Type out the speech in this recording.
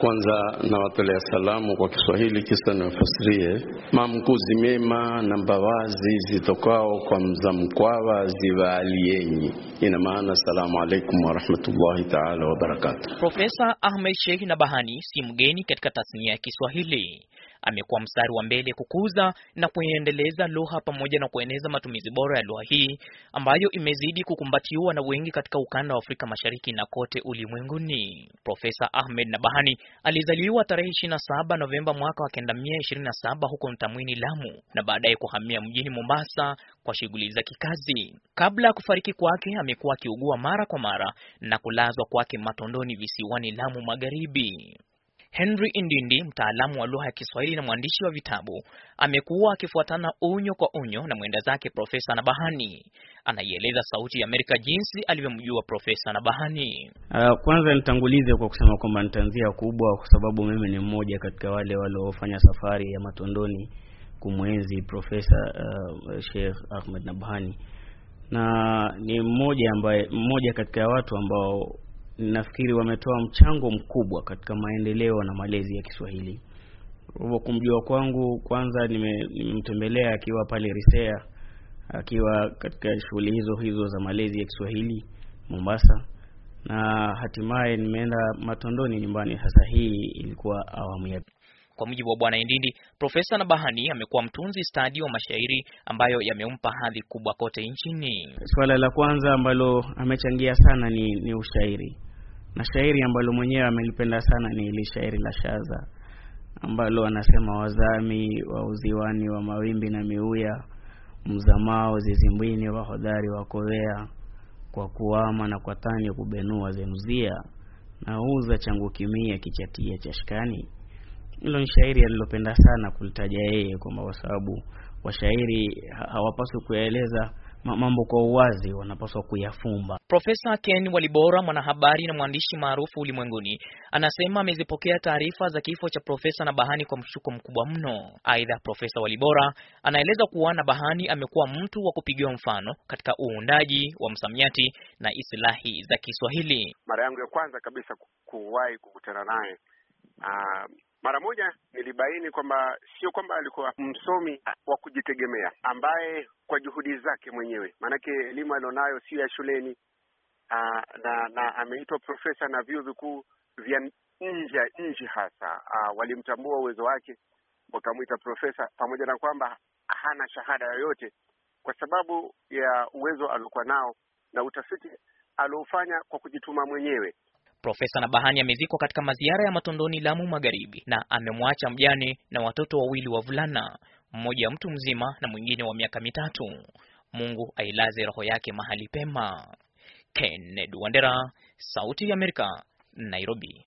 Kwanza nawatolea salamu kwa Kiswahili kisa niwafasirie mamkuzi mema na mbawazi zitokao kwa mzamkwawa zivaalienyi. Ina maana salamu alaikum warahmatullahi taala wabarakatu. Profesa Ahmed Sheikh Nabahani si mgeni katika tasnia ya Kiswahili, amekuwa mstari wa mbele kukuza na kuendeleza lugha pamoja na kueneza matumizi bora ya lugha hii ambayo imezidi kukumbatiwa na wengi katika ukanda wa Afrika Mashariki na kote ulimwenguni. Profesa Ahmed Nabahani alizaliwa tarehe 27 Novemba mwaka wa 1927 huko Ntamwini, Lamu na baadaye kuhamia mjini Mombasa kwa shughuli za kikazi. Kabla ya kufariki kwake, amekuwa akiugua mara kwa mara na kulazwa kwake Matondoni visiwani Lamu Magharibi. Henry Indindi, mtaalamu wa lugha ya Kiswahili na mwandishi wa vitabu, amekuwa akifuatana unyo kwa unyo na mwenda zake Profesa Nabahani. Anaieleza Sauti ya Amerika jinsi alivyomjua Profesa Nabahani. Uh, kwanza nitangulize kwa kusema kwamba nitanzia kubwa, kwa sababu mimi ni mmoja katika wale waliofanya safari ya matondoni kumwenzi Profesa uh, Sheikh Ahmed Nabahani na ni mmoja ambaye mmoja katika watu ambao nafikiri wametoa mchango mkubwa katika maendeleo na malezi ya Kiswahili. Hivyo kumjua kwangu, kwanza nimemtembelea akiwa pale Risea, akiwa katika shughuli hizo hizo za malezi ya Kiswahili Mombasa, na hatimaye nimeenda Matondoni nyumbani. Sasa hii ilikuwa awamu ya kwa mujibu wa Bwana Indindi, Profesa Nabahani amekuwa mtunzi stadi wa mashairi ambayo yamempa hadhi kubwa kote nchini. Suala la kwanza ambalo amechangia sana ni, ni ushairi na shairi ambalo mwenyewe amelipenda sana ni ile shairi la shaza ambalo anasema wazami wa uziwani wa mawimbi na miuya mzamao zizimbwini wa hodari wa kolea kwa kuama na kwa tani kubenua zenuzia na uza changu kimia kichatia cha shikani. Hilo ni shairi alilopenda sana kulitaja yeye, kwamba kwa sababu washairi hawapaswi kuyaeleza mambo kwa uwazi wanapaswa kuyafumba. Profesa Ken Walibora, mwanahabari na mwandishi maarufu ulimwenguni, anasema amezipokea taarifa za kifo cha Profesa Nabahani kwa mshuko mkubwa mno. Aidha, Profesa Walibora anaeleza kuwa Nabahani amekuwa mtu wa kupigiwa mfano katika uundaji wa msamiati na islahi za Kiswahili. Mara yangu ya kwanza kabisa kuwahi kukutana naye ah, mara moja nilibaini kwamba sio kwamba alikuwa msomi wa kujitegemea ambaye kwa juhudi zake mwenyewe, maanake elimu alionayo sio ya shuleni aa, ah, na, na ameitwa profesa na vyuo vikuu vya nje ya nchi hasa ah, walimtambua uwezo wake wakamwita profesa, pamoja na kwamba hana shahada yoyote, kwa sababu ya uwezo aliokuwa nao na utafiti aliofanya kwa kujituma mwenyewe. Profesa Nabahani amezikwa katika maziara ya Matondoni, Lamu Magharibi, na amemwacha mjane na watoto wawili wavulana, mmoja mtu mzima na mwingine wa miaka mitatu. Mungu ailaze roho yake mahali pema. Kennedy Wandera, Sauti ya Amerika, Nairobi.